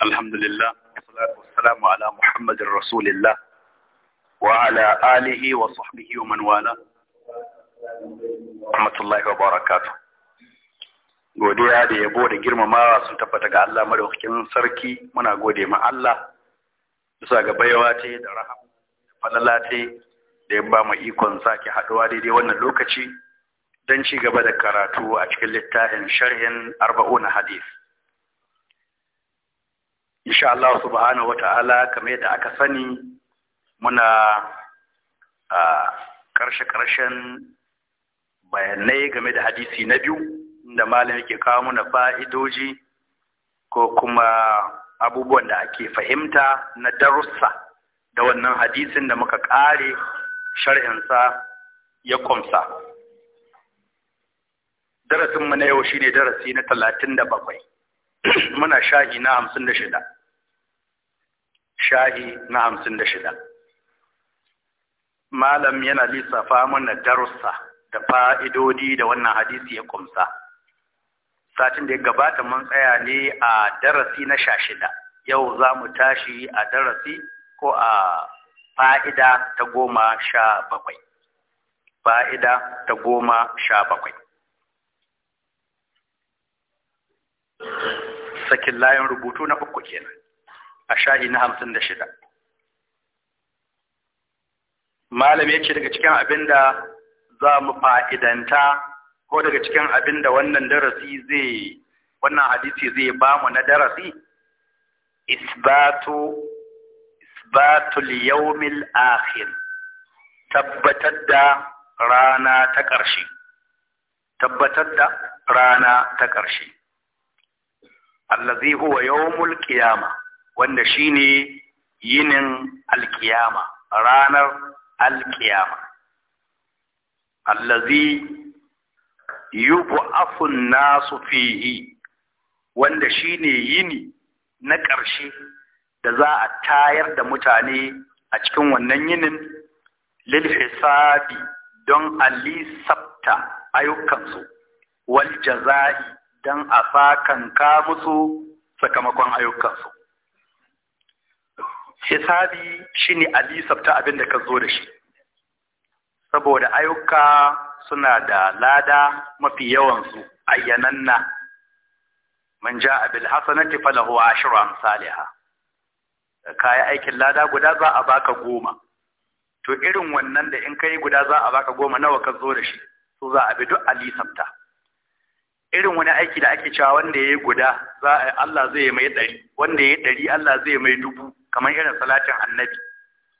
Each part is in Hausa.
alhamdulillah salatu wassalamu ala muhammadin rasulillah wa ala alihi wa sahbihi wa man wala wa barakatuh godiya da yabo da girmamawa sun tabbata ga Allah madaukakin sarki muna gode ma Allah bisa ga baiwa ce da rahama falala ce da ya ba mu ikon sake haɗuwa daidai wannan lokaci don ci gaba da karatu a cikin littafin sharhin arba'una hadith insha Allah subhanahu wata'ala kamar yadda aka sani muna a karshe-karshen bayanai game da hadisi na biyu inda malam yake kawo muna fa'idoji ko kuma abubuwan da ake fahimta na darussa da wannan hadisin da muka ƙare sharhinsa ya kumsa. Darasinmu na yau shine darasi na talatin da bakwai, muna sha'i na hamsin da shida. shahi na hamsin da shida malam yana lissafa mana darussa da fa'idodi da wannan hadisi ya kumsa satin da ya gabata mun tsaya ne a darasi na sha shida yau za mu tashi a darasi ko a fa'ida ta goma sha bakwai fa'ida ta goma sha bakwai sakin layin rubutu na uku kenan a sha'i na hamsin da shida malam ya ce daga cikin abin da za mu fa'idanta ko daga cikin abin da wannan darasi zai wannan hadisi zai ba mu na darasi isbatu isbatul yawmil akhir tabbatar da rana ta ƙarshe tabbatar da rana ta ƙarshe allazi huwa yawmul yama. wanda shine yinin alkiyama ranar alkiyama allazi afun nasu fihi wanda shine yini na ƙarshe da za a tayar da mutane a cikin wannan yinin lil hisabi don sabta ayyukansu wal jaza'i don a sakanka musu sakamakon ayyukansu hisabi shine a lisafta abin da ka zo da shi saboda ayyuka suna da lada mafi yawansu ayyananna man ja'a bil hasanati falahu ashru amsalha kai aikin lada guda za a baka goma to irin wannan da in kai guda za a baka goma nawa ka zo da shi su za a bi duk a lisafta irin wani aiki da ake cewa wanda ya yi guda za a Allah zai yi mai ɗari wanda ya yi ɗari Allah zai yi mai dubu kamar irin salatin annabi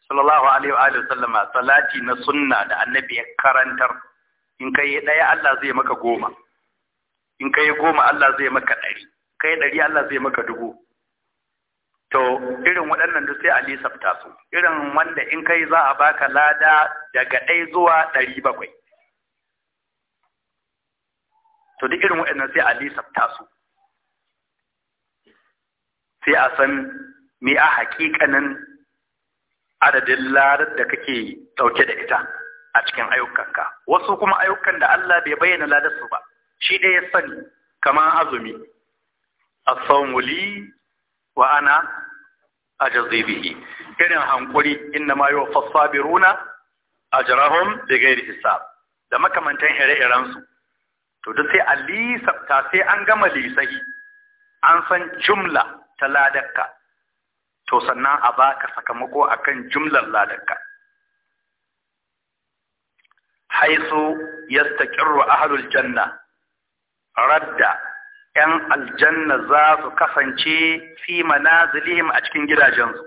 sallallahu alaihi wa alihi sallama salati na sunna da annabi ya karantar in kai ɗaya Allah zai maka goma in kai goma Allah zai maka ɗari kai ɗari Allah zai maka dubu to irin waɗannan duk sai a lisafta su irin wanda in kai za a baka lada daga ɗaya zuwa ɗari bakwai to duk irin waɗannan sai a lisafta su sai a san me a haƙiƙanin adadin ladar da kake ɗauke da ita a cikin ayyukanka wasu kuma ayyukan da Allah bai bayyana ladar su ba shi dai ya sani kamar azumi as wuli wa ana ajzi irin hankuri inna ma yuwaffas sabiruna ajrahum bighairi hisab da makamantan ire-iren to sai a lisafta sai an gama lisahi an san jumla ta ladakka to sannan a baka sakamako akan jumlar ladakka haisu yastaqirru ahlul janna radda ‘yan aljanna za su kasance fi manazilihim a cikin gidajensu,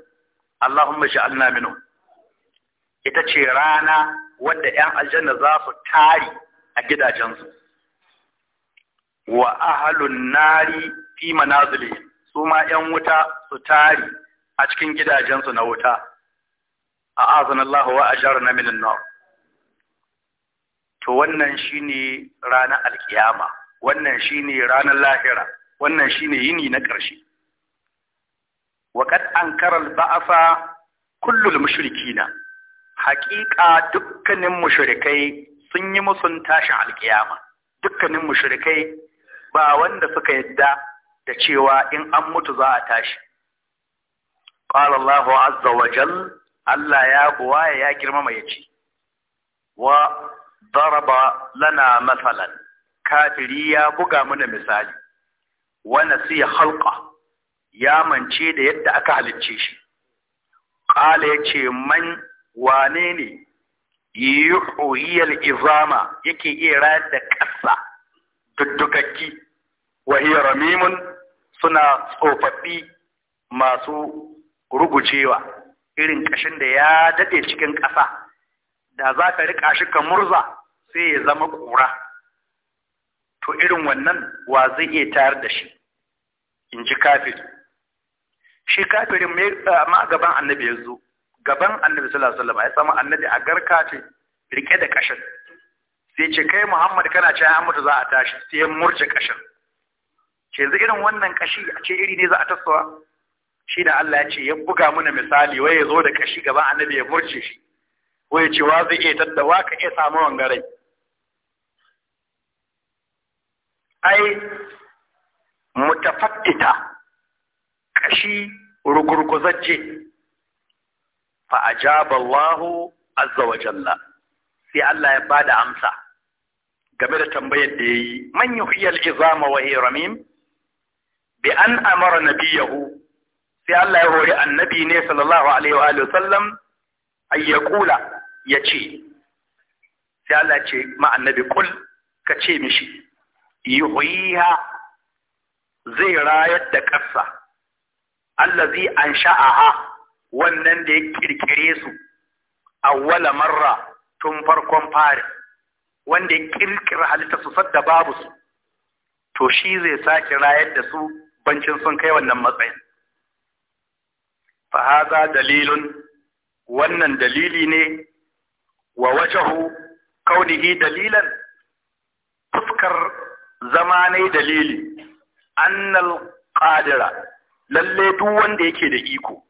Allahumma sha'alna minu. Ita ce rana wadda ‘yan aljanna za su tari a gidajensu. wa ahalun nari fi manazili su ma ‘yan wuta su tari a cikin gidajensu na wuta a azanallahu wa ajar na milin nau to wannan shine ranar alkiyama wannan shine ranar lahira wannan shine yini na ƙarshe وقد أنكر kullum كل na. Haƙiƙa dukkanin mushirikai sun yi musun tashin alkiyama dukkanin mushrikai ba wanda suka yadda da cewa in an mutu za a tashi qala Allah azza wa jal Allah ya buwaye ya girmama ce, wa zaraba lana masalan kafiri ya buga mana misali su nasiya halka ya mance da yadda aka halicce shi ya yace man wane ne izama yake iya rayar da ƙasa duddukakki wa hiya ramimun suna tsofaffi masu rugujewa irin kashin da ya dade cikin ƙasa da za ka riƙa shi ka murza sai ya zama ƙura to irin wannan wa zai iya tayar da shi in ji kafiri shi kafirin ma gaban annabi ya gaban annabi sallallahu alaihi wasallam ya samu annabi a garka ce rike da kashin sai ce kai Muhammad kana ce ya mutu za a tashi sai ya murce kashin ce yanzu irin wannan kashi a ce iri ne za a tasowa shi da Allah ya ce ya buga mana misali wai ya zo da kashi gaban annabi ya murce shi wai ce wa zai iya taddawa ka iya samu wangarai ai mutafaddita kashi rugurguzajje fa ajaba Allahu azza wa jalla sai Allah ya bada amsa game da tambayar da yayi man yuhyil izama wa ramim bi an amara nabiyahu sai Allah ya hori annabi ne sallallahu alaihi wa alihi sallam ay ya ce. sai Allah ya ce ma annabi kul ka ce mishi yuhyiha zai rayar da ƙasa Allah zai allazi ansha'aha wannan da ya kirkire su awwala marra tun farkon fari wanda ya kirkira halitta su sadda babu su to shi zai sake rayar da su bancin sun kai wannan matsayin fahaza dalilun wannan dalili ne wa wajahu kaunihi dalilan fuskar zama ne dalili annal qadira lalle duk wanda yake da iko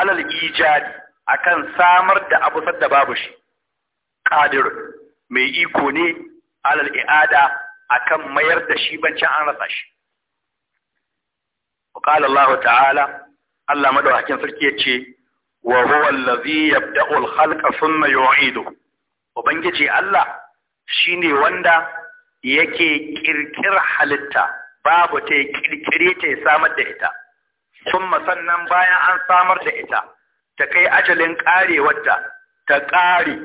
alal ijadi akan samar da abu sadda babu shi qadir mai iko ne alal a kan mayar da shi bancin an rasa shi qala Allah ta'ala Allah madaukakin sarki yace wa huwa allazi yabda'u al-khalqa thumma yu'idu ubangiji Allah shine wanda yake kirkir halitta babu ta ƙirƙire ta samar da ita thumma sannan bayan an samar da ita ta kai ajalin karewarta ta kare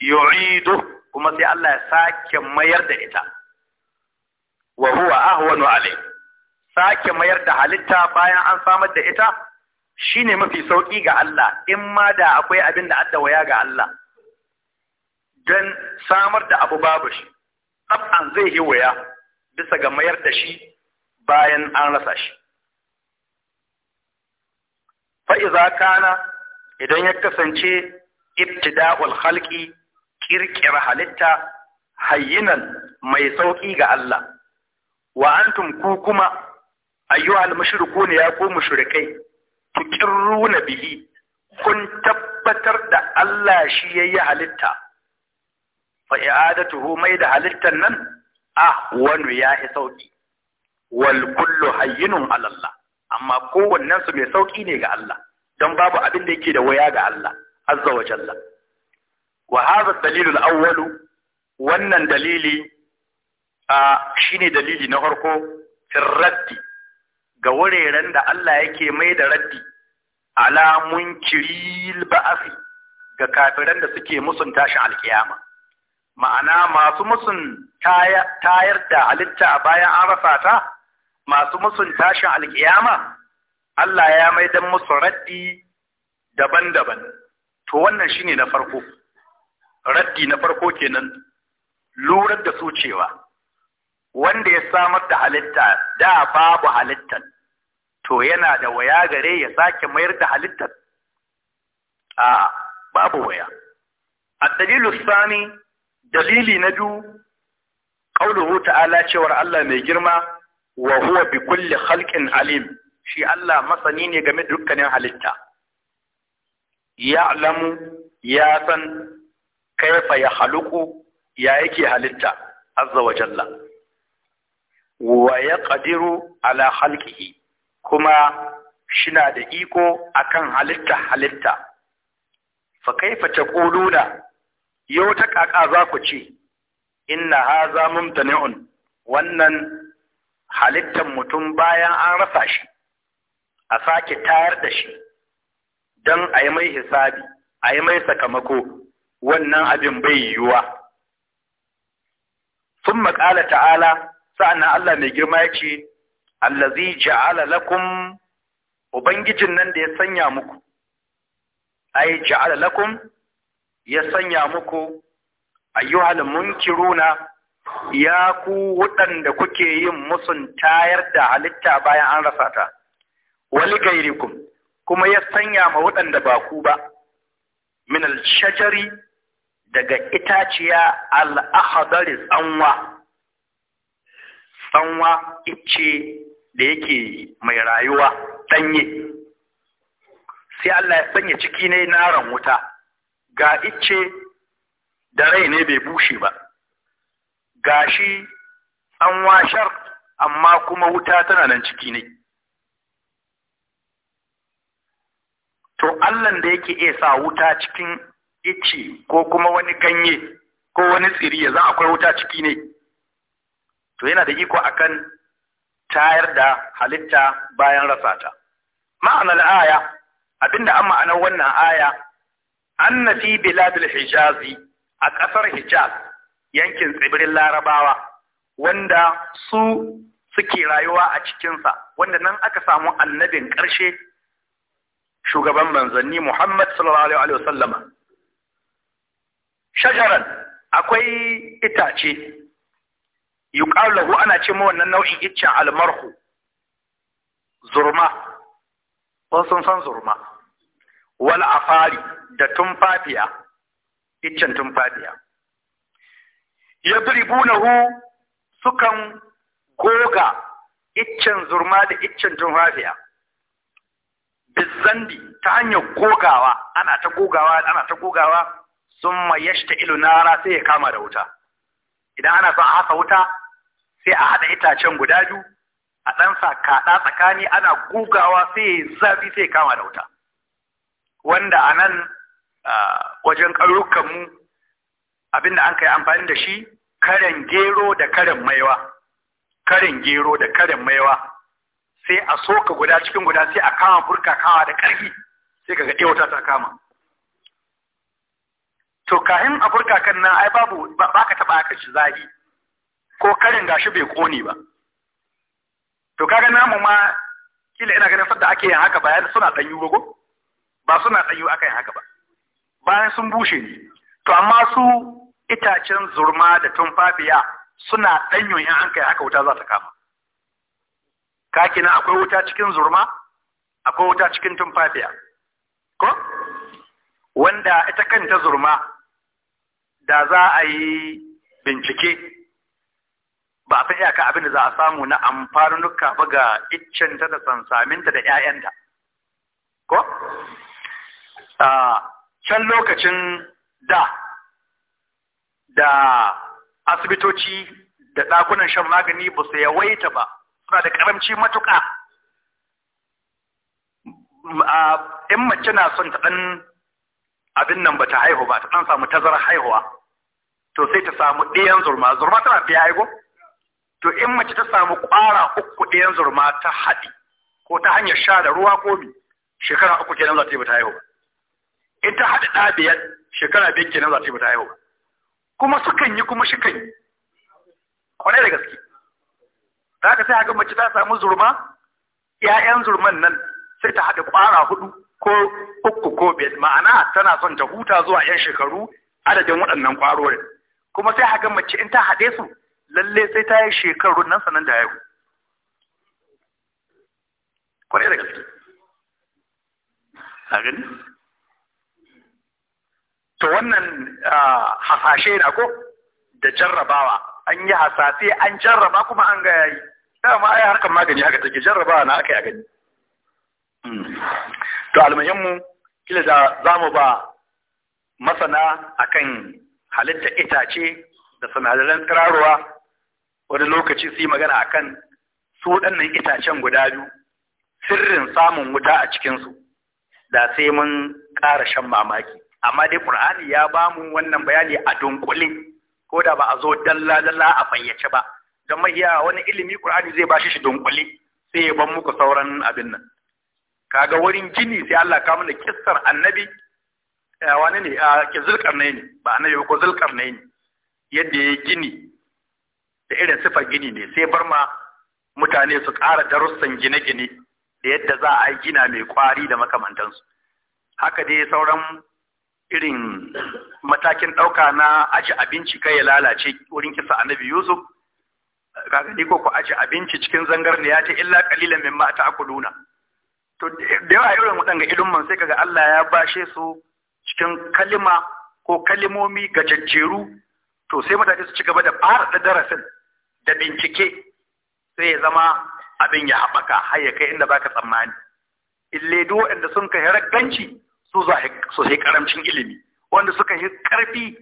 yu'idu kuma sai Allah ya sake mayar da ita wa huwa ahwanu alai sake mayar da halitta bayan an samar da ita shine mafi sauki ga Allah in ma da akwai abin da adda waya ga Allah dan samar da abu babu shi an zai yi waya bisa ga mayar da shi bayan an rasa shi fa iza kana idan ya kasance ibtida'ul khalqi kirkira halitta hayyinan mai sauƙi ga Allah wa antum ku kuma ayyuhal mushrikuna ya ku mushrikai na bihi kun tabbatar da Allah shi yayi halitta fa i'adatuhu mai da halittan nan ah ya yi sauƙi wal kullu hayyinun ala amma kowannensu su mai sauƙi ne ga Allah don babu abin da yake da waya ga Allah azza wa jalla wa hadha dalilul awwalu wannan dalili a shine dalili na farko firraddi ga wuraren da Allah yake mai da raddi ala munkiril ba'afi ga kafiran da suke musunta shi alkiyama ma'ana masu musun tayar da halitta bayan an rasa ta masu musun tashin alkiyama Allah ya mai maidan musu raddi daban-daban to wannan shine na farko raddi na farko kenan lurar da su cewa wanda ya samar da halitta da babu halittar to yana da waya gare ya sake mayar da halittar a babu waya a dalilu sani dalili na biyu qauluhu ta'ala cewar Allah mai girma wa huwa bi kulli khalqin alim shi Allah masani ne game dukkanin halitta lamu, ya san kaifa ya haluku ya yake halitta azza wa jalla wa ya qadiru ala halqihi kuma shina da iko akan halitta halitta fa kaifa taquluna yau ta kaka za ku ce inna haza mumtani'un wannan halittan mutum bayan an rasa shi a sake tayar da shi don a yi mai hisabi a yi mai sakamako wannan abin bai yiwuwa sun maƙala ta'ala sa'annan Allah mai girma ya ce zai ja'ala lakum ubangijin nan da ya sanya muku ai ja'ala lakum ya sanya muku ayyuhal munkiruna ya ku waɗanda kuke yin musun tayar da halitta bayan an rasa ta wali gairikum kuma ya sanya ma waɗanda ba ku ba min shajari daga itaciya al'ahadari tsanwa tsanwa ice da yake mai rayuwa ɗanye sai Allah ya sanya ciki ne naran wuta ga ice da rai ne bai bushe ba ga shi tsanwa shar amma kuma wuta tana nan ciki ne to Allahn da yake iya sa wuta cikin ice ko kuma wani ganye ko wani tsiri ya za akwai wuta ciki ne to yana da iko akan tayar da halitta bayan rasa ta ma'anar aya abinda an ma'ana wannan aya anna fi biladul hijazi a ƙasar hijaz yankin tsibirin larabawa wanda su suke rayuwa a cikinsa wanda nan aka samu annabin ƙarshe shugaban manzanni Muhammad sallallahu alaihi wasallama shajaran akwai itace yuqalu ana ce ma wannan nau'in iccen almarhu zurma ko sun san zurma wal afari da tumfafiya iccen tumfafiya yadribunahu sukan goga iccen zurma da iccen tumfafiya bizandi ta hanyar gogawa ana ta gogawa ana ta gogawa summa ilu nara sai ya kama da wuta idan ana son a haka wuta sai a haɗa itacen guda biyu a ɗan sa kaɗa tsakani ana gugawa sai ya zafi sai ya kama da wuta wanda a nan wajen ƙauyukanmu abinda an kai amfani da shi karen gero da karen maiwa karen gero da karen maiwa sai a soka guda cikin guda sai a kama burka kawa da ƙarfi sai ka ga ɗewata ta kama to kahin a burka kan nan ai babu ba ka taba ka shi zagi ko karin gashi bai kone ba to kaga namu ma kila ina ganin sadda ake yin haka ba ya suna danyu ba ko ba suna danyu aka yin haka ba bayan sun bushe ne to amma su itacen zurma da tumfafiya suna danyo in an kai haka wuta za ta kama kakina akwai wuta cikin zurma akwai wuta cikin tumfafiya ko wanda ita kanta zurma da za a yi bincike ba a san iyaka abin da za a samu na amfanunuka ba ga iccenta da sansaminta da 'ya'yanta ko can lokacin da da asibitoci da ɗakunan shan magani ba su yawaita ba suna da ƙaramci matuƙa in mace na son ta ɗan abin nan ba ta haihu ba ta ɗan samu tazarar haihuwa to sai ta samu ɗiyan zurma zurma tana fiye aigo to in mace ta samu ƙwara uku ɗiyan zurma ta haɗi ko ta hanyar sha da ruwa ko mi shekara uku kenan za ta yi ba ta haihu in ta haɗi ɗa biyar shekara biyar kenan za ta yi ba ta haihu kuma sukan yi kuma shikan yi kwarai da gaske za ka sai haka mace ta samu zurma ‘ya'yan zurman nan sai ta haɗa ƙwara hudu ko uku ko biyar ma'ana tana son ta huta zuwa ‘yan shekaru adadin waɗannan ƙwarorin. kuma sai a ga mace in ta haɗe su lalle sai ta yi shekaru nan sanan da yau kwarai da gaske a gani to wannan hasashe na ko da jarrabawa an yi hasashe an jarraba kuma an ga yayi dama ai harkar magani haka take jarrabawa na aka yi a gani hmm. to almuhimmu kila za mu ba masana akan halitta itace da sinadaran tsirarwa wani lokaci su yi magana a kan su waɗannan itacen guda biyu sirrin samun wuta a cikinsu da sai mun ƙara shan mamaki amma dai ƙur'ani ya ba mu wannan bayani a dunkule ko da ba a zo dalla dalla a fayyace ba don yawa wani ilimi ƙur'ani zai bashi shi dunkule sai ya ban muku sauran abin nan kaga wurin gini sai Allah ka mana kissar annabi Eh, wani ne ah, ke zulkarnai ne ba annabi ba ko zulkarnai ne yadda ya gini da irin sifar gini ne sai bar ma mutane su ƙara darussan gine-gine da yadda za a yi gina mai kwari da makamantansu haka dai sauran irin matakin ɗauka na aji abinci kai ya lalace wurin kisa annabi yusuf kaga ni ko ku aji abinci cikin zangar ne ya ta illa kalilan mimma akuluna to da yawa irin waɗanga ilimin sai kaga Allah ya bashe su cikin kalima ko kalimomi ga gajajjeru to sai mutane su ci gaba da fara darasin da bincike sai ya zama abin ya haɓaka har ya kai inda baka tsammani ille duk waɗanda sun kai ragganci su za su yi karamcin ilimi wanda suka yi karfi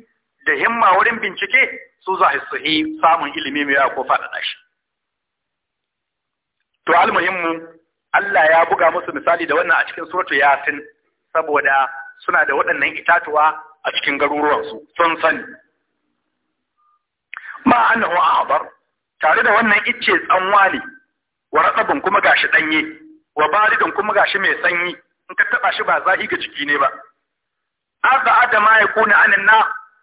da himma wurin bincike su za su yi samun ilimi mai yawa ko faɗaɗa shi to almuhimmu Allah ya buga musu misali da wannan a cikin suratu yasin saboda suna da waɗannan itatuwa a cikin garuruwansu sun sani ma annahu a'bar tare da wannan icce tsanwa ne wa ratsabin kuma gashi ɗanye, wa baridin kuma gashi mai sanyi in ka taba shi ba zaki ga jiki ne ba arda adama ya kuna anan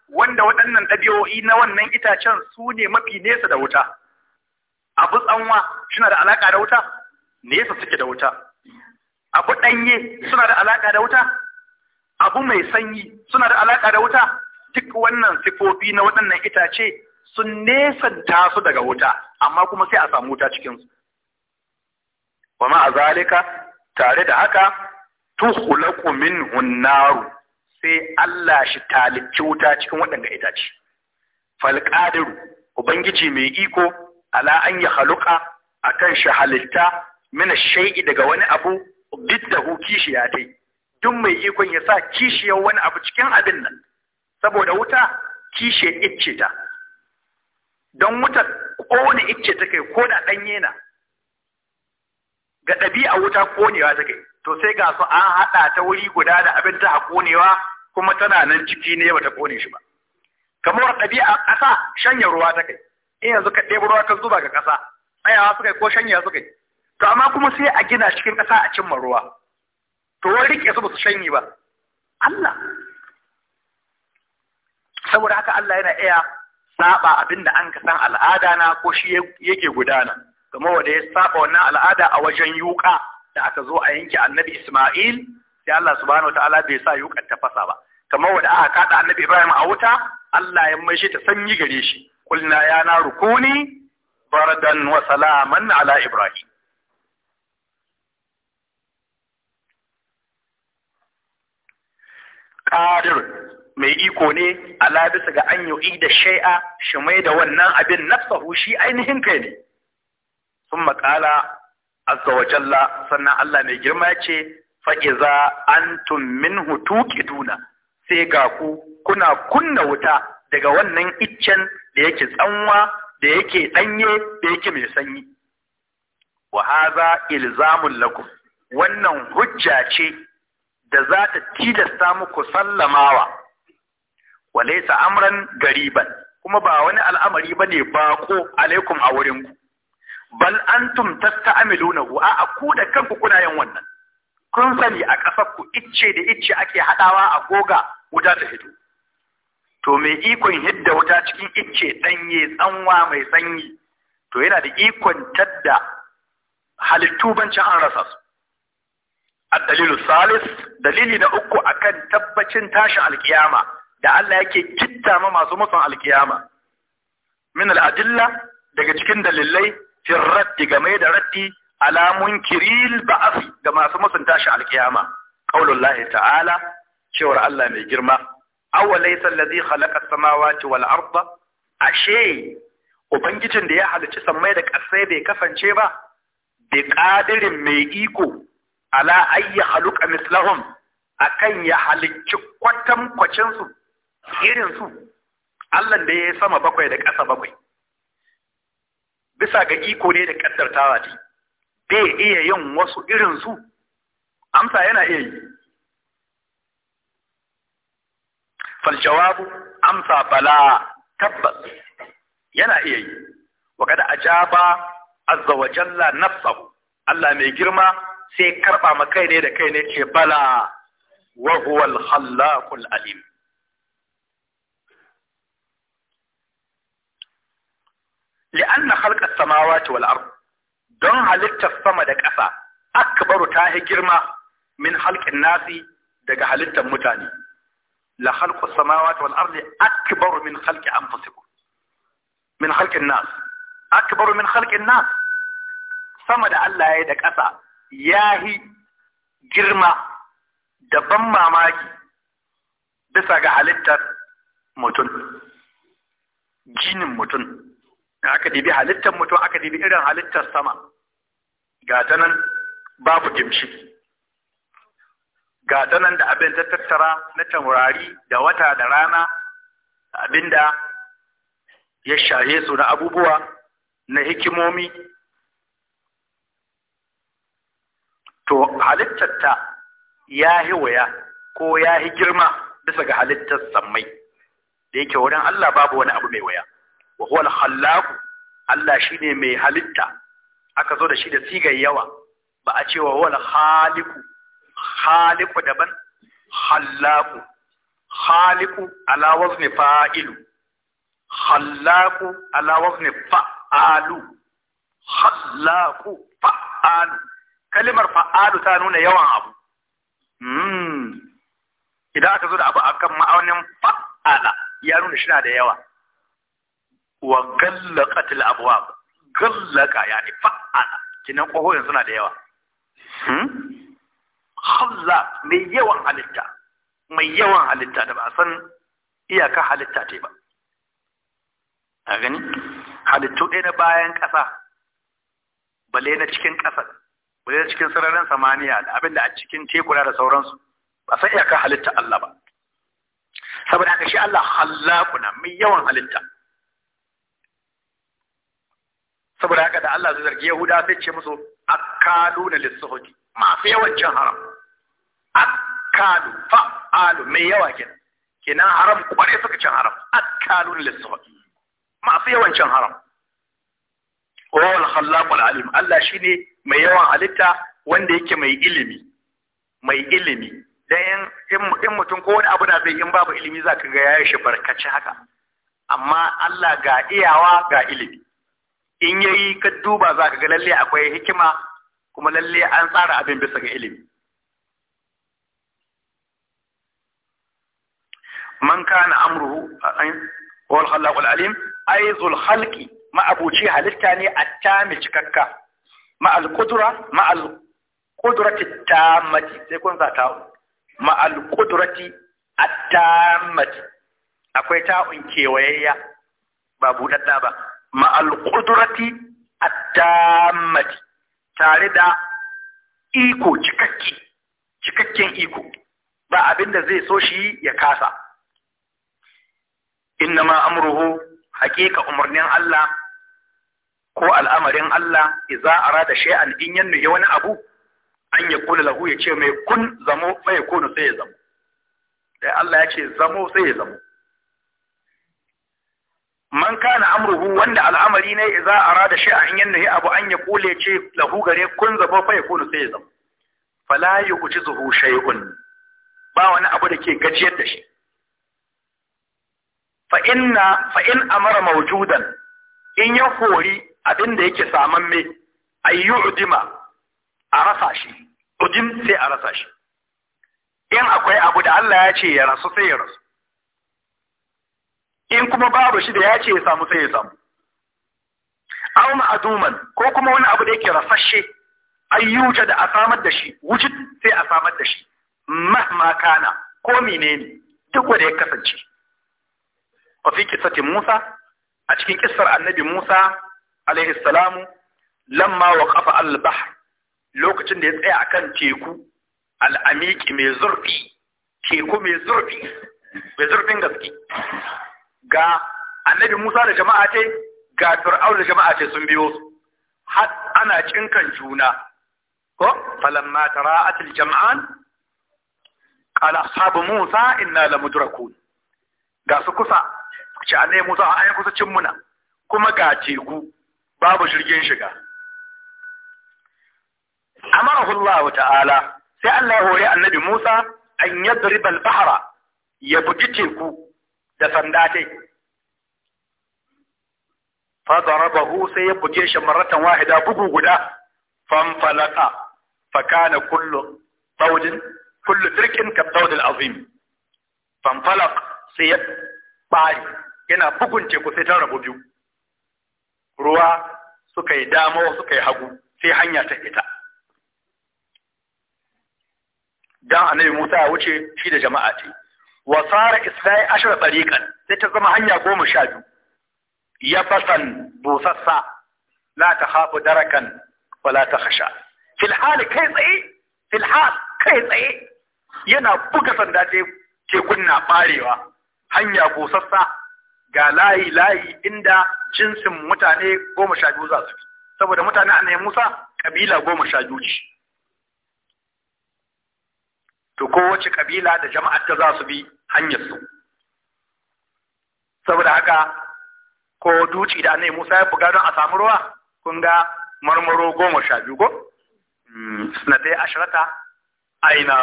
wanda waɗannan ɗabi'o'i na wannan itacen su ne mafi nesa da wuta abu tsanwa suna da alaka da wuta nesa suke da wuta abu ɗanye suna da alaka da wuta abu mai sanyi suna da alaka da wuta duk wannan sifofi na waɗannan itace sun nesanta su daga wuta amma kuma sai a samu wuta cikin su kuma a zalika tare da haka tukhlaqu minhu hunnaru, sai Allah shi talicci wuta cikin waɗanda itace fal ubangiji mai iko ala an ya khaluqa akan shi halitta mina shay'i daga wani abu bidda hukishi kishi ya dai duk mai ikon ya sa kishiyar wani abu cikin abin nan saboda wuta kishe icce ta don wuta kone icce ta kai ko da ɗanye na ga ɗabi'a wuta konewa ta kai to sai ga su an haɗa ta wuri guda da abin ta konewa kuma tana nan ciki ne bata kone shi ba kamar ɗabi'a ƙasa shanya ruwa ta kai in yanzu ka ɗebo ruwa ka zuba ga ƙasa tsayawa suka yi ko shanya suka yi to amma kuma sai a gina cikin ƙasa a cimma ruwa to wani rike su ba su shanye ba Allah saboda haka Allah yana iya saba abinda an ka san al'ada na ko shi yake gudana kuma wanda ya saba wannan al'ada a wajen yuka da aka zo a yanke annabi Isma'il sai Allah subhanahu wataala bai sa yukar ta fasa ba kamar wanda aka kada annabi Ibrahim a wuta Allah ya mai shi ta sanyi gare shi kulna ya na rukuni baradan wa salaman ala Ibrahim qadir mai iko ne ala bisa ga an yi da shai'a shi mai da wannan abin nafsahu shi ainihin kai ne sun maƙala azza wa jalla sannan Allah mai girma ce iza antum minhu tuqiduna sai ga ku kuna kunna wuta daga wannan iccen da yake tsanwa da yake ɗanye da yake mai sanyi wa haza ilzamul lakum wannan hujja ce da za ta tilasta muku sallamawa walaisa amran gariban kuma ba wani al'amari ba ne bako alaikum a wurin ku bal antum tasta'milunahu a ku da kanku kuna yin wannan kun sani a ƙasar ku icce da icce ake haɗawa a goga wuta ta hito to mai ikon hidda wuta cikin icce danye tsanwa mai sanyi to yana da ikon tadda halittu bancin an rasa su A الدليل dalili دليل uku akan tabbacin tashi القيامة da Allah yake kitta ma masu mutan alkiyama min al'adilla daga cikin dalilai fi raddi game da raddi ala munkiril ba'afi ga masu mutan tashi alkiyama qaulullahi ta'ala cewar Allah mai girma aw laysa allazi khalaqa as-samawati wal arda ashe ubangijin da ya halicci sammai da ƙasai bai kasance ba bi qadirin mai iko ala ayya haluka mislahum akan ya halicci kwatankwacin su irin su Allah da ya sama bakwai da ƙasa bakwai bisa ga iko ne da kaddartawa ce bai iya yin wasu irin su amsa yana iya yi fal jawabu amsa bala tabbas yana iya yi wa kada ajaba azza wa jalla Allah mai girma sai karɓa ma kai ne da kai ne ce bala wa huwa khallaqul alim li'anna khalqa as-samawati wal don halittar sama da ƙasa akbaru ta girma min halqin nasi daga halittar mutane la khalqu as-samawati wal ardi akbaru min min khalqin nas akbaru min khalqin nas sama da Allah yayi da ƙasa ya yahi girma da ban mamaki bisa ga halittar mutum jinin mutum aka dibi halittar mutum aka dibi irin halittar sama ga ta nan babu jimshi ga ta nan da abin ta tattara na taurari da wata da rana abinda ya shaye su na abubuwa na hikimomi to halittarta ya yi waya ko ya yi girma bisa ga halittar sammai da yake wurin Allah babu wani abu mai waya wa huwa al-khallaq Allah shine mai halitta aka zo da shi da sigar yawa ba a ce wa huwa al khaliqu daban khallaq khaliqu ala wazni fa'ilu khallaq ala wazni fa'alu khallaq fa'alu kalimar fa'alu ta nuna yawan abu hmm. idan aka zo da abu akan ma'aunin fa'ala ya nuna shi da yawa wa gallaqat al-abwab ya ne fa'ala kinan kohoyin suna da yawa hmm. Hamza mai yawan halitta mai yawan halitta da ba san iyaka halitta ce ba a gani halittu ɗaya na bayan ƙasa bale na cikin ƙasa. bare cikin sararin samaniya da abinda a cikin tekuna da sauransu ba sai iyakar halitta Allah ba saboda haka shi Allah halakuna mai yawan halitta saboda haka da Allah zai zargi Yahuda sai ce musu "Akalu akaluna lisuhuti masu yawan cin haram akalu fa'alu mai yawa kenan kenan haram kware suka cin haram "Akalu akaluna lisuhuti masu yawan cin haram wa wal khallaqul alim Allah shi shine mai yawan halitta wanda yake mai ilimi mai ilimi dan in mutum ko wani abu da zai in babu ilimi za ka ga ya shi barkaci haka amma Allah ga iyawa ga ilimi in yayi ka duba za ka ga lalle akwai hikima kuma lalle an tsara abin bisa ga ilimi man kana amruhu eh, wal khalaqul alim aizul khalqi ma abuci halitta ne attami cikakka ma'al kudura ma'al kudurati tamati sai kun sa ta'un ma'al kudurati at akwai ta'un kewayayya ba budadda ba ma'al kudurati at tare da iko cikakke cikakken iko ba abin da zai so shi ya kasa ma amruhu haƙiƙa umarnin Allah ko al'amarin Allah idza arada shay'an in ya nuhi wani abu an ya kula lahu ya ce mai kun zamo mai kunu sai ya zamo dai Allah ya ce zamo sai ya zamo man kana amruhu wanda al'amari ne idza arada shay'an in ya abu an ya kula ya ce lahu gare kun zamo fa ya kunu sai ya zamo fala yuqjizuhu shay'un ba wani abu da ke gajiyar da shi fa inna fa in amara mawjudan in ya hori abin da yake saman me ayyu udima a rasa shi udim sai a rasa shi in akwai abu da Allah ya ce ya rasu sai ya rasu in kuma babu shi da ya ce ya samu sai ya samu aw ma'duman ko kuma wani abu da yake rasashe ayyuta da a samar da shi wujud sai a samar da shi mahma kana ko menene duk wanda ya kasance wa fi kissatin Musa a cikin kissar annabi Musa alaihi salamu lamma waqafa al-bahr lokacin da ya tsaya akan teku al mai zurfi teku mai zurfi mai zurfin gaske ga annabi Musa da jama'a ce ga Fir'aun da jama'a ce sun biyo su har ana cinkan juna ko falamma tara'at al jama'an. qala ashabu Musa inna mudrakun ga su kusa ci annabi Musa an kusa cin muna kuma ga teku babu jirgin shiga amarahu ta'ala sai Allah ya hore annabi Musa an yadriba al-bahra ya bugi teku da sanda tai fa darabahu sai ya buge shi maratan wahida bugu guda fanfalaka fa kana kullu tawdin kullu firqin ka tawdil azim fanfalak sai ya bari yana bugun teku sai ta rabu biyu ruwa suka yi damo suka yi hagu sai hanya ta ita dan annabi Musa ya wuce shi da jama'a ce wa tsara isra'i ashara ɗariƙan sai ta zama hanya goma sha biyu ya fasan busassa la ta hafu darakan wala ta hasha. Filhal kai tsaye filhal kai tsaye yana buga sanda ce ke kunna barewa hanya busassa ga layi layi inda jinsin mutane goma sha biyu za su fi saboda mutane a annabi Musa kabila goma sha biyu ce to kowace kabila da jama'ar ta za su bi hanyar su saboda haka ko duci da annabi Musa ya buga don a samu ruwa kun ga marmaro goma sha biyu ko hmm, yi ashirata aina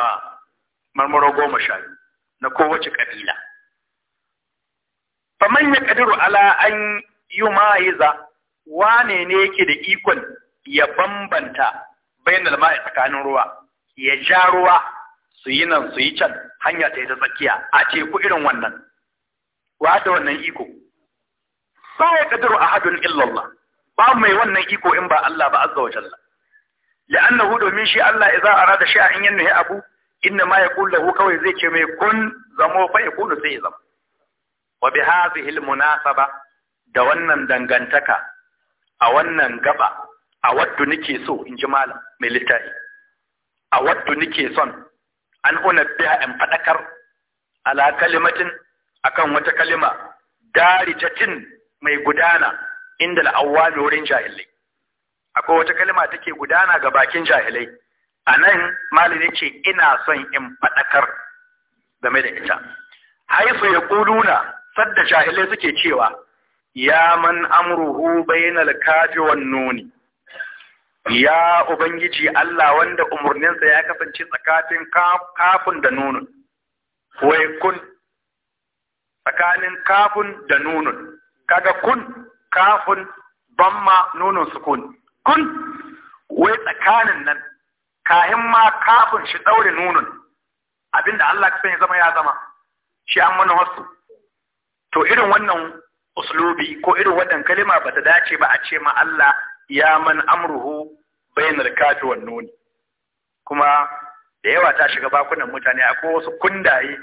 marmaro goma sha biyu na kowace kabila faman ya kadiru ala an maiza wane ne yake da ikon ya bambanta bainal ma'a tsakanin ruwa ya ja ruwa su yi nan su yi can hanya ta yi ta tsakiya a teku irin wannan wa da wannan iko ba ya a hadun illallah ba mai wannan iko in ba Allah ba azza wa jalla la'annahu domin shi Allah idza arada na yannahi abu inna ma kula lahu kawai zai ce mai kun zamo fa yakunu sai zama wa bi hadhihi munasaba da wannan dangantaka a wannan gaba a waddu nake so in ji malam mai littafi a waddu nake son an biya in fadakar ala kalimatin akan wata kalima daritatin mai gudana inda al'awwami wurin jahilai akwai wata kalima take gudana ga bakin jahilai anan nan ce ina son in faɗakar game da ita haifu ya ƙuluna sadda jahilai suke cewa ya man amruhu bainal kafi wan nuni ya ubangiji Allah wanda umarninsa ya kasance tsakanin kafin da nunun wai kun tsakanin kafin da nunun kaga kun kafin bamma nunun sukun kun wai tsakanin nan kahin ma kafin shi daure nunun abinda Allah ka sanya zama ya zama shi an mana wasu to irin wannan uslubi ko irin wannan kalima ba ta dace ba a ce ma Allah ya man amruhu bainar kafi wannan. kuma da yawa ta shiga bakunan mutane akwai wasu kundaye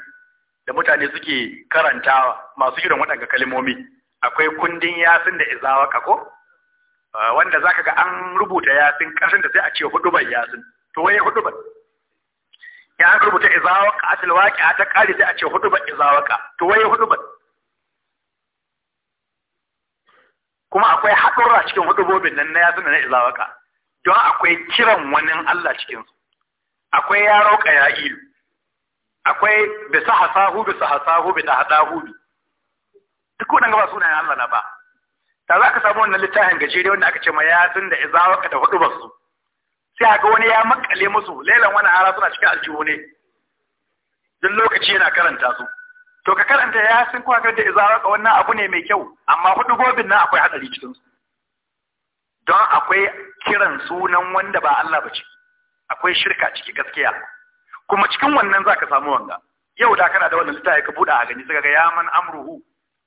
da mutane suke karantawa masu irin waɗanga kalimomi, akwai kundin yasin da ah, ka ko wanda zaka ga an rubuta yasin ƙarshen da sai a ce hudubar yasin to waye hudubar ya an rubuta ka asil waƙi ta ƙari sai a ce izawa ka to waye hudubar kuma akwai haɗurra cikin hudubobin nan na yasin na izawaka don akwai kiran wani Allah cikin akwai yaro ilu. akwai bisa hasahu bisa hasahu bi tahdahu bi duk wannan gaba sunayen Allah na ba ta za ka samu wannan littafin gajere wanda aka ce ma yasin da izawaka da huɗubarsu. Sai sai ga wani ya makale musu lailan wani ara suna cikin aljihu ne duk lokaci yana karanta su to ka karanta ya sun kuma da izara ka wannan abu ne mai kyau amma hudu gobin nan akwai hatsari cikin su don akwai kiran sunan wanda ba Allah ba ce akwai shirka ciki gaskiya kuma cikin wannan zaka samu wanga yau da kana da wannan littafi ka buɗa a gani sai ga ya man amruhu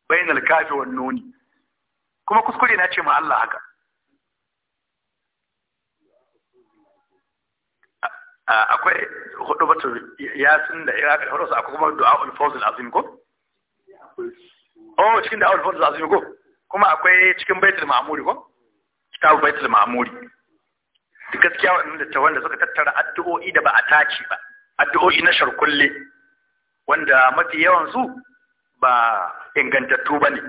bainal kafi wan nuni kuma kuskure na ce ma Allah haka Ah, akwai hudu batu yasin da ya da hudu akwai kuma du'a ulfawzul azim ko oh cikin du'a ulfawzul azim ko kuma akwai cikin baitul ma'amuri ko kitabu baitul ma'amuri. duk gaskiya wannan da tawon da suka tattara addu'o'i da ba a tace ba addu'o'i na sharkulle wanda mafi yawan su ba ingantattu ba ne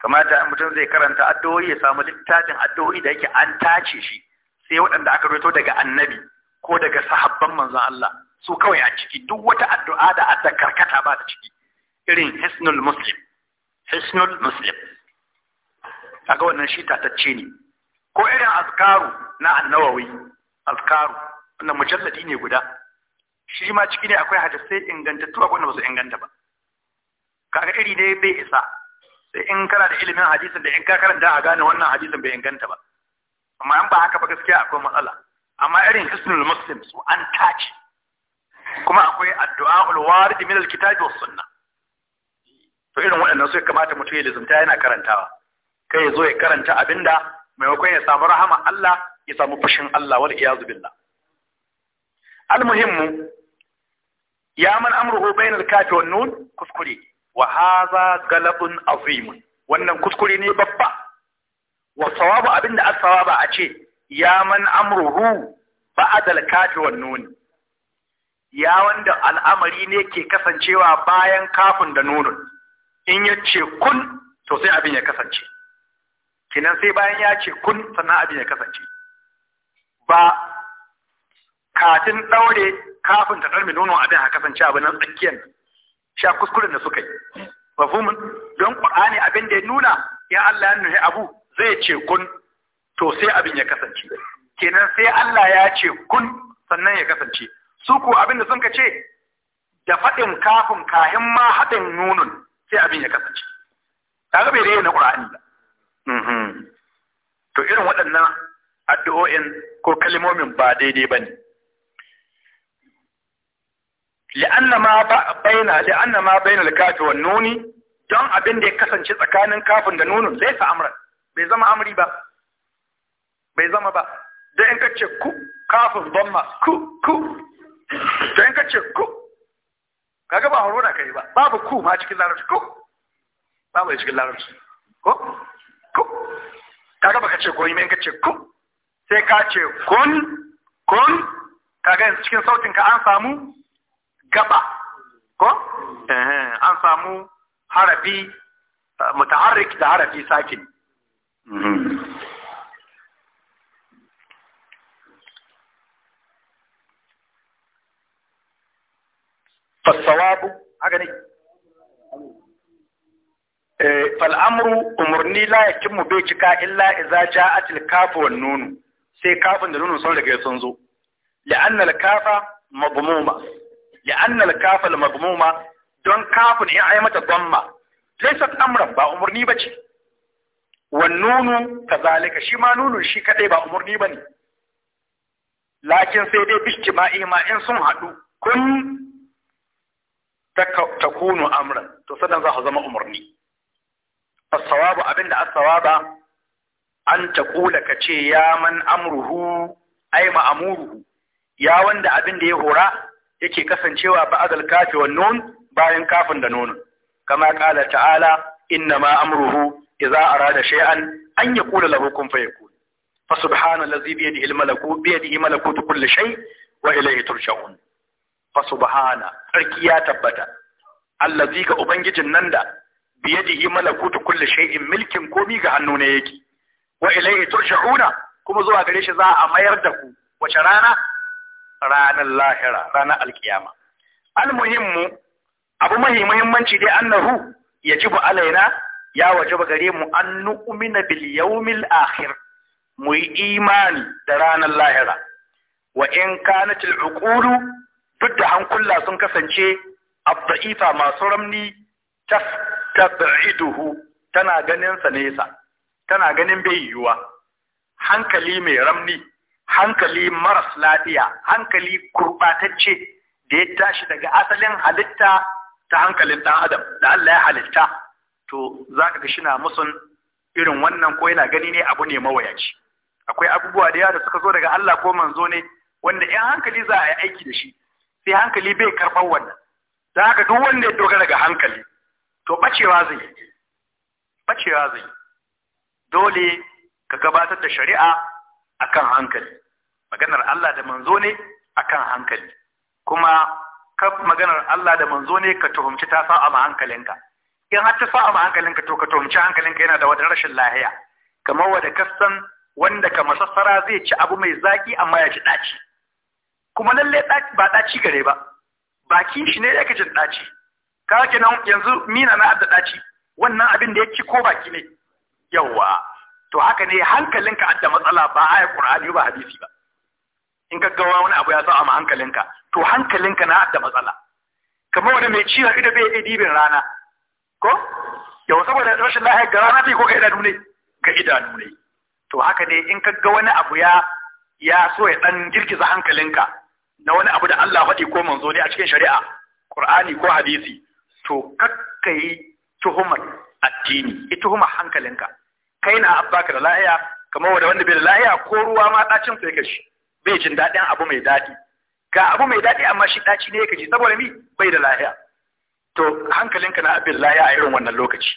kamata mutum zai karanta addu'o'i ya samu littafin addu'o'i da yake an tace shi sai waɗanda aka rito daga annabi ko daga sahabban manzon Allah su kawai a ciki duk wata addu'a da adda karkata ba da ciki irin hisnul muslim hisnul muslim kaga wannan shi tatacce ne ko irin azkaru na annawawi azkaru wannan mujalladi ne guda shi ma ciki ne akwai hadisai ingantattu akwai wanda ba su inganta ba kaga iri ne bai isa sai in kana da ilimin hadisin da in ka karanta a gane wannan hadisin bai inganta ba amma in ba haka ba gaskiya akwai matsala amma irin hisnul muslim su an tace kuma akwai addu'a da minal kitabi was sunna to irin waɗannan su kamata mutum ya lizumta yana karantawa kai ya zo ya karanta abinda maimakon ya samu rahama Allah ya samu fushin Allah wal iyazu billah almuhimmu ya man amruhu bainal kafi wan nun kuskure wa hadha galabun azim wannan kuskure ne babba wa sawabu abinda as-sawaba a ce ya man amruhu ba'dal kafi wan nuni ya wanda al'amari ne ke kasancewa bayan kafin da nunun in ya ce kun to sai abin ya kasance kinan sai bayan ya ce kun sannan abin ya kasance ba katin daure kafin ta ɗarmi nono abin ha kasance abin nan tsakiyar sha kuskuren da suka yi Ba mafhumin don qur'ani abin da ya nuna ya Allah ya nuhi abu zai ce kun to sai abin ya kasance kenan sai Allah ya ce kun sannan ya kasance su ku abin da sun ka ce da faɗin kafin kahin ma haɗin nunun sai abin ya kasance kaga bai rena Qur'ani ba mhm. to irin waɗannan addu'o'in ko kalmomin ba daidai bane li'anna ma baina li'anna ma baina al-kafi wan nuni don abin da ya kasance tsakanin kafin da nunun laysa amran bai zama amri ba bai zama ba da in ka ce ku kafin bamma ku ku to in ka ce ku kaga ba horo na kai ba babu ku ma cikin larabci ku babu cikin larabci ko ku kaga baka ce koyi in ka ce ku sai ka ce kun kun kaga yanzu cikin sautin ka an samu gaba ko an samu harafi mutaharrik da harafi sakin mhm. fasawabu haka ne fal'amru umarni la yakin bai cika illa idza ja'atil atil wan nunu sai kafin da nunu sun riga sun zo la'anna alkafa kafa madmuma la'anna al-kafa don kafin in ai mata dhamma laysat amran ba umarni bace wan nunu kazalika shi ma nunun shi kadai ba umarni bane lakin sai dai bishtima'i ma in sun hadu kun takunu amran to sadan za zama umarni as-sawabu abinda as-sawaba an taqula kace ya man amruhu ay ma'muruhu ya wanda abinda ya hora yake kasancewa ba'dal kafi wan nun bayan kafin da nunun kama qala ta'ala inna ma amruhu idza arada shay'an an yaqula lahu kun fayakun fa subhanallazi bi yadihi al-malaku bi yadihi malakutu kulli shay wa ilayhi turja'un fa subhana ya tabbata allazi ga ubangijin nan da biyadihi malakutu kulli shay'in mulkin komi ga hannu ne yake wa ilayhi turja'una kuma zuwa gare shi za a mayar da ku wace rana ranar lahira ranar alkiyama almuhimmu abu mahi muhimmanci dai annahu yajibu alaina ya wajaba gare mu an nu'mina bil yawmil akhir mu yi imani da ranar lahira wa in kanat uqulu duk da hankula sun kasance abda'ifa masu ramni tastab'iduhu tana ganin sa nesa tana ganin bai yiwuwa hankali mai ramni hankali maras lafiya hankali kurbatacce da ya tashi daga asalin halitta ta hankalin ɗan adam da Allah ya halitta to zaka ga shina musun irin wannan ko yana gani ne abu ne mawayaci akwai abubuwa da yawa da suka zo daga Allah ko manzo ne wanda in hankali za a yi aiki da shi sai hankali bai karɓar wannan da haka duk wanda ya dogara ga hankali to ɓacewa zai Ɓacewa zai dole ka gabatar da shari'a akan hankali maganar Allah da manzo ne akan hankali kuma ka maganar Allah da manzo ne ka tuhumci ta sa'a ma hankalinka in har ta sa'a ma hankalinka to ka tuhumci hankalinka yana da wata rashin lahiya kamar wanda kasan wanda ka masassara zai ci abu mai zaki amma ya ci daci kuma lalle ba ɗaci gare ba bakin shi ne yake jin ɗaci kaga kenan yanzu mina na adda ɗaci wannan abin da ya ci ko baki ne Yawwa! to haka ne hankalinka adda matsala ba aya qur'ani ba hadisi ba in ka wani abu ya zama hankalinka to hankalinka na adda matsala kamar wani mai ciwon ido bai iya dibin rana ko yau saboda rashin lahiyar ga rana ko ga idanu ne ga idanu ne to haka ne in ka ga wani abu ya ya so ya dan girgiza hankalinka na wani abu da Allah faɗi ko manzo ne a cikin shari'a Qur'ani ko hadisi to kakkai yi tuhumar addini ita tuhumar hankalinka kai na abbaka da lahiya kamar wanda wanda bai da lahiya ko ruwa ma dacin sai ka shi bai jin daɗin abu mai daɗi ga abu mai daɗi amma shi ɗaci ne kaji saboda mi bai da lahiya to hankalinka na abin lahiya a irin wannan lokaci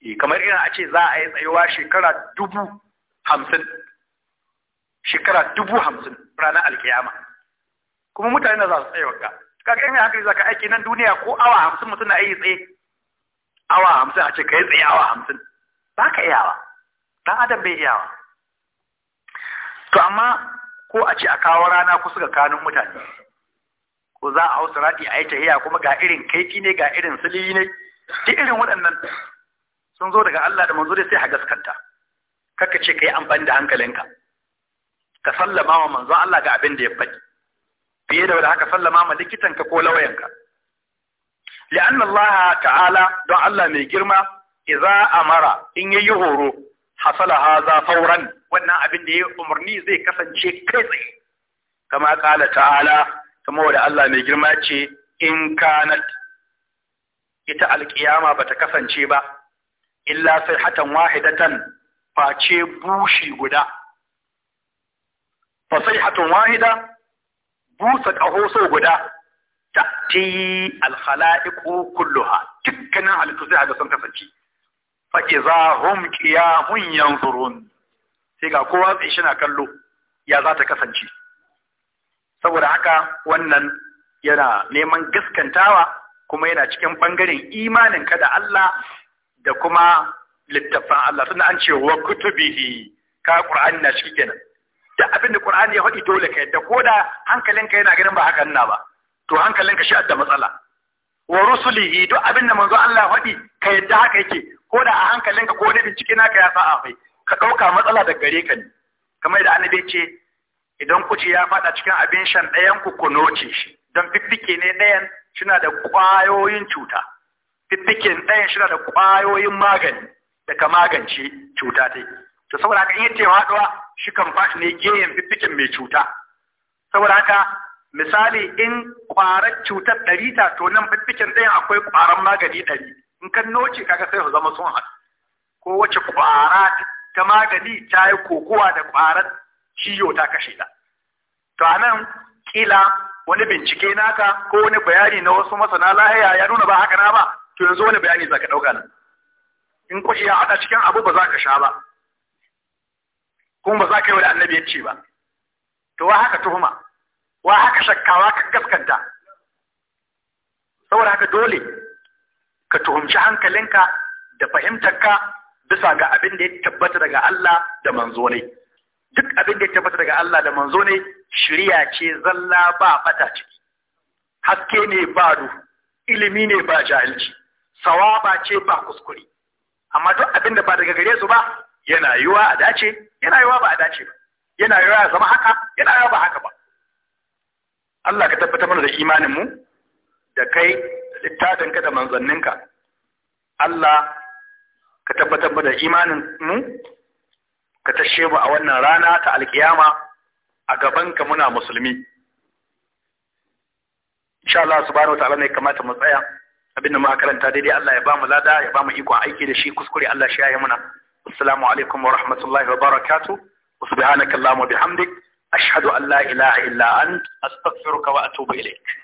e, kamar irin a ce za a yi tsayuwa shekara dubu hamsin shekara dubu hamsin ranar alkiyama kuma mutane na za su tsaye ka ga ina hankali zaka aiki nan duniya ko awa hamsin mutum na aiki tsaye awa hamsin a ce ka yi tsaye awa hamsin ba ka iyawa dan adam bai iyawa to amma ko a ce a kawo rana kusa ga kanun mutane ko za a hausa raɗi a yi tahiya kuma ga irin kaifi ne ga irin sulili ne duk irin waɗannan sun zo daga Allah da manzo dai sai gaskanta kaka ce ka yi amfani da hankalinka ka sallama wa manzo Allah ga abin da ya faɗi fiye da wanda haka sallama ma likitanka ko lauyanka li'an Allah ta'ala don Allah mai girma idza amara in yayi horo hasala haza fauran wannan abin da ya umarni zai kasance kai tsaye kama kala ta'ala kama wanda Allah mai girma ce in kanat ita alkiyama bata kasance ba illa sai hatan wahidatan face bushi guda fa sai hatan wahida busa ƙaho sau guda ta ti alhala'iku kulluha dukkanin halittu zai haga sun kasance fa ƙiya hum qiyamun yanzurun sai ga kowa zai shi na kallo ya za ta kasance saboda haka wannan yana neman gaskantawa kuma yana cikin ɓangaren imanin ka da Allah da kuma littafin Allah suna an ce wa kutubihi ka ƙura'ani na shi kenan duk abin da Qur'ani ya faɗi dole ka yadda ko da hankalinka yana ganin ba haka nuna ba to hankalinka shi da matsala wa rusulihi duk abin da manzo Allah faɗi ka yadda haka yake ko da a hankalinka ko wani bincike naka ya sa'a fai ka ɗauka matsala da gare ka ne kamar da annabi ce idan kuci ya faɗa cikin abin shan ɗayan ku ku noce shi don fiffike ne ɗayan suna da ƙwayoyin cuta fiffiken ɗayan suna da ƙwayoyin magani da ka magance cuta ta yi to saboda haka in yace haɗuwa shi kan faɗi ne geyen fiffikin mai cuta saboda haka misali in ƙwarar cutar ɗari ta to nan fiffikin ɗayan akwai ƙwarar magani ɗari in kan noce kaga sai su zama sun haɗu ko wace ƙwara ta magani ta yi kokowa da ƙwarar ciyo ta kashe ta to a nan ƙila wani bincike naka ko wani bayani na wasu masana lahiya ya nuna ba haka na ba to yanzu wani bayani za ka ɗauka nan in kwashi ya haɗa cikin abu ba za ka sha ba kuma ba za ka yi wa annabi ya ba to wa haka tuhuma wa haka shakkawa ka gaskanta saboda haka dole ka tuhumci hankalinka da fahimtarka bisa ga abin da ya tabbata daga Allah da manzo ne duk abin da ya tabbata daga Allah da manzo ne shirya ce zalla ba fata ciki haske ne ba ruhu ilimi ne ba jahilci sawaba ce ba kuskure amma duk abin da ba daga gare su ba yana yiwa a dace yana yiwa ba a dace ba yana yiwa ya zama haka yana yiwa ba haka ba Allah ka tabbatar mana da imanin mu da kai littafin ka da manzanninka Allah ka tabbatar mana da imanin mu ka tashe mu a wannan rana ta alkiyama a gaban ka muna musulmi insha Allah subhanahu wataala ne kamata mu tsaya abinda muka karanta daidai Allah ya ba mu lada ya ba mu iko aiki da shi kuskure Allah shi ya yi muna assalamu alaikum wa rahmatullahi wa barakatuh wa subhanaka allahumma bihamdik ashhadu an la ilaha illa ant astaghfiruka wa atubu ilaik